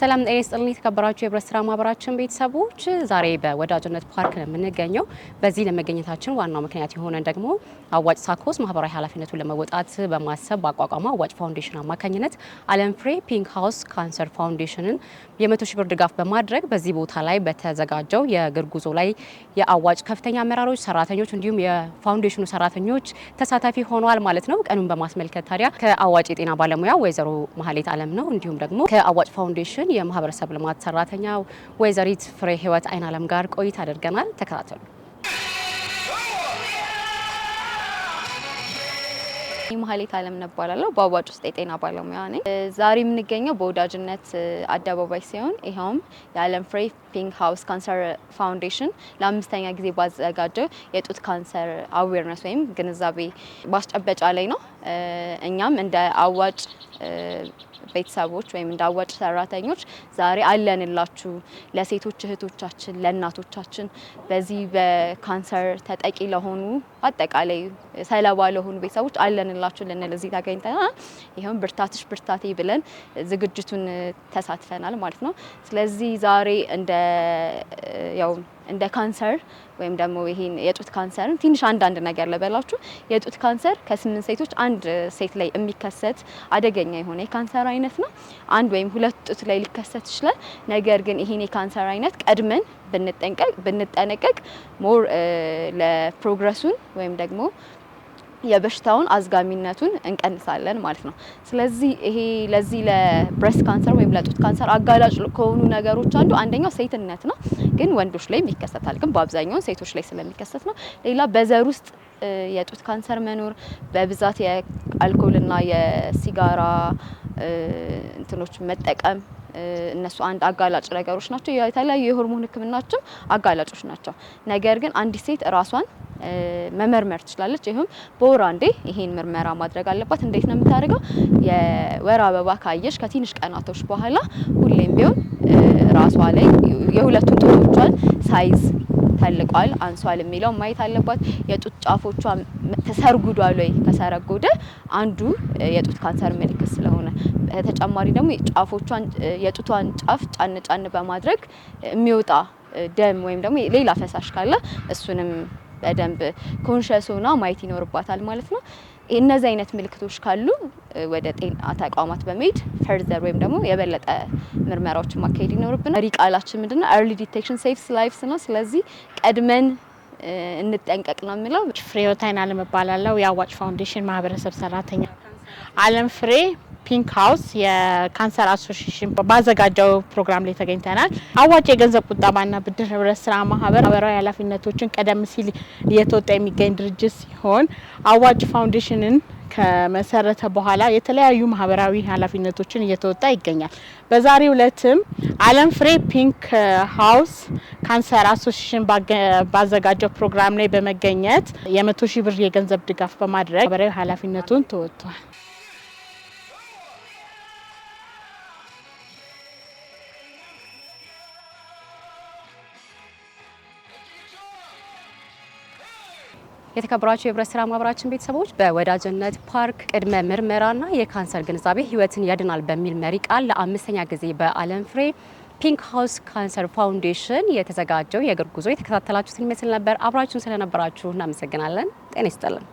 ሰላም ጤና ይስጥልኝ። የተከበራችሁ የህብረት ስራ ማህበራችን ቤተሰቦች ዛሬ በወዳጅነት ፓርክ ነው የምንገኘው። በዚህ ለመገኘታችን ዋናው ምክንያት የሆነን ደግሞ አዋጭ ሳኮስ ማህበራዊ ኃላፊነቱን ለመወጣት በማሰብ ባቋቋመው አዋጭ ፋውንዴሽን አማካኝነት አለም ፍሬ ፒንክ ሃውስ ካንሰር ፋውንዴሽንን የመቶ ሺህ ብር ድጋፍ በማድረግ በዚህ ቦታ ላይ በተዘጋጀው የእግር ጉዞ ላይ የአዋጭ ከፍተኛ አመራሮች፣ ሰራተኞች እንዲሁም የፋውንዴሽኑ ሰራተኞች ተሳታፊ ሆነዋል ማለት ነው። ቀኑን በማስመልከት ታዲያ ከአዋጭ የጤና ባለሙያ ወይዘሮ መሀሌት አለም ነው እንዲሁም ደግሞ ከአዋጭ ፋውንዴሽን የማህበረሰብ ልማት ሰራተኛ ወይዘሪት ፍሬ ህይወት አይናለም ጋር ቆይታ አድርገናል። ተከታተሉ። መሀሌት አለም እባላለሁ። በአዋጭ ውስጥ የጤና ባለሙያ ነኝ። ዛሬ የምንገኘው በወዳጅነት አደባባይ ሲሆን ይኸውም የዓለም ፍሬ ፒንክ ሀውስ ካንሰር ፋውንዴሽን ለአምስተኛ ጊዜ ባዘጋጀው የጡት ካንሰር አዌርነስ ወይም ግንዛቤ ማስጨበጫ ላይ ነው። እኛም እንደ አዋጭ ቤተሰቦች ወይም እንደ አዋጭ ሰራተኞች ዛሬ አለንላችሁ ለሴቶች እህቶቻችን፣ ለእናቶቻችን በዚህ በካንሰር ተጠቂ ለሆኑ አጠቃላይ ሰለባ ለሆኑ ቤተሰቦች አለን እንላችሁ ልንል እዚህ ታገኝተናል። ይኸውም ብርታትሽ ብርታቴ ብለን ዝግጅቱን ተሳትፈናል ማለት ነው። ስለዚህ ዛሬ እንደ ያው እንደ ካንሰር ወይም ደግሞ ይሄን የጡት ካንሰር ትንሽ አንዳንድ ነገር ለበላችሁ የጡት ካንሰር ከስምንት ሴቶች አንድ ሴት ላይ የሚከሰት አደገኛ የሆነ የካንሰር አይነት ነው። አንድ ወይም ሁለት ጡት ላይ ሊከሰት ይችላል። ነገር ግን ይሄን የካንሰር አይነት ቀድመን ብንጠንቀቅ ብንጠነቀቅ ሞር ለፕሮግረሱን ወይም ደግሞ የበሽታውን አዝጋሚነቱን እንቀንሳለን ማለት ነው። ስለዚህ ይሄ ለዚህ ለብሬስት ካንሰር ወይም ለጡት ካንሰር አጋላጭ ከሆኑ ነገሮች አንዱ አንደኛው ሴትነት ነው፣ ግን ወንዶች ላይም ይከሰታል። ግን በአብዛኛው ሴቶች ላይ ስለሚከሰት ነው። ሌላ በዘር ውስጥ የጡት ካንሰር መኖር በብዛት የአልኮልና የሲጋራ እንትኖች መጠቀም እነሱ አንድ አጋላጭ ነገሮች ናቸው። የተለያዩ የሆርሞን ህክምናዎችም አጋላጮች ናቸው። ነገር ግን አንዲት ሴት እራሷን መመርመር ትችላለች። ይህም በወር አንዴ ይሄን ምርመራ ማድረግ አለባት። እንዴት ነው የምታደርገው? የወር አበባ ካየሽ ከትንሽ ቀናቶች በኋላ ሁሌም ቢሆን ራሷ ላይ የሁለቱን ጡቶቿን ሳይዝ ተልቋል አንሷል የሚለው ማየት አለባት። የጡት ጫፎቿ ተሰርጉዷል ወይ? ከሰረጎደ አንዱ የጡት ካንሰር ምልክት ስለሆነ ተጨማሪ ደግሞ ጫፎቿን የጡቷን ጫፍ ጫን ጫን በማድረግ የሚወጣ ደም ወይም ደግሞ ሌላ ፈሳሽ ካለ እሱንም በደንብ ኮንሸስ ሆና ማየት ይኖርባታል ማለት ነው። እነዚህ አይነት ምልክቶች ካሉ ወደ ጤና ተቋማት በመሄድ ፈርዘር ወይም ደግሞ የበለጠ ምርመራዎችን ማካሄድ ይኖርብናል። መሪ ቃላችን ምንድን ነው? ኤርሊ ዲቴክሽን ሴቭስ ላይፍስ ነው። ስለዚህ ቀድመን እንጠንቀቅ ነው የምለው። ፍሬህይወት አለመባላለው የአዋጭ ፋውንዴሽን ማህበረሰብ ሰራተኛ አለም ፍሬ ፒንክ ሀውስ የካንሰር አሶሲሽን ባዘጋጀው ፕሮግራም ላይ ተገኝተናል። አዋጭ የገንዘብ ቁጠባና ብድር ህብረት ስራ ማህበር ማህበራዊ ኃላፊነቶችን ቀደም ሲል እየተወጣ የሚገኝ ድርጅት ሲሆን አዋጭ ፋውንዴሽንን ከመሰረተ በኋላ የተለያዩ ማህበራዊ ኃላፊነቶችን እየተወጣ ይገኛል። በዛሬው ዕለትም አለም ፍሬ ፒንክ ሀውስ ካንሰር አሶሲሽን ባዘጋጀው ፕሮግራም ላይ በመገኘት የመቶ ሺህ ብር የገንዘብ ድጋፍ በማድረግ ማህበራዊ ኃላፊነቱን ተወጥቷል። የተከበራችሁ የህብረት ስራ ማህበራችን ቤተሰቦች በወዳጅነት ፓርክ ቅድመ ምርመራና የካንሰር ግንዛቤ ህይወትን ያድናል በሚል መሪ ቃል ለአምስተኛ ጊዜ በአለም ፍሬ ፒንክ ሃውስ ካንሰር ፋውንዴሽን የተዘጋጀው የእግር ጉዞ የተከታተላችሁትን ይመስል ነበር። አብራችሁን ስለነበራችሁ እናመሰግናለን። ጤና ይስጥልን።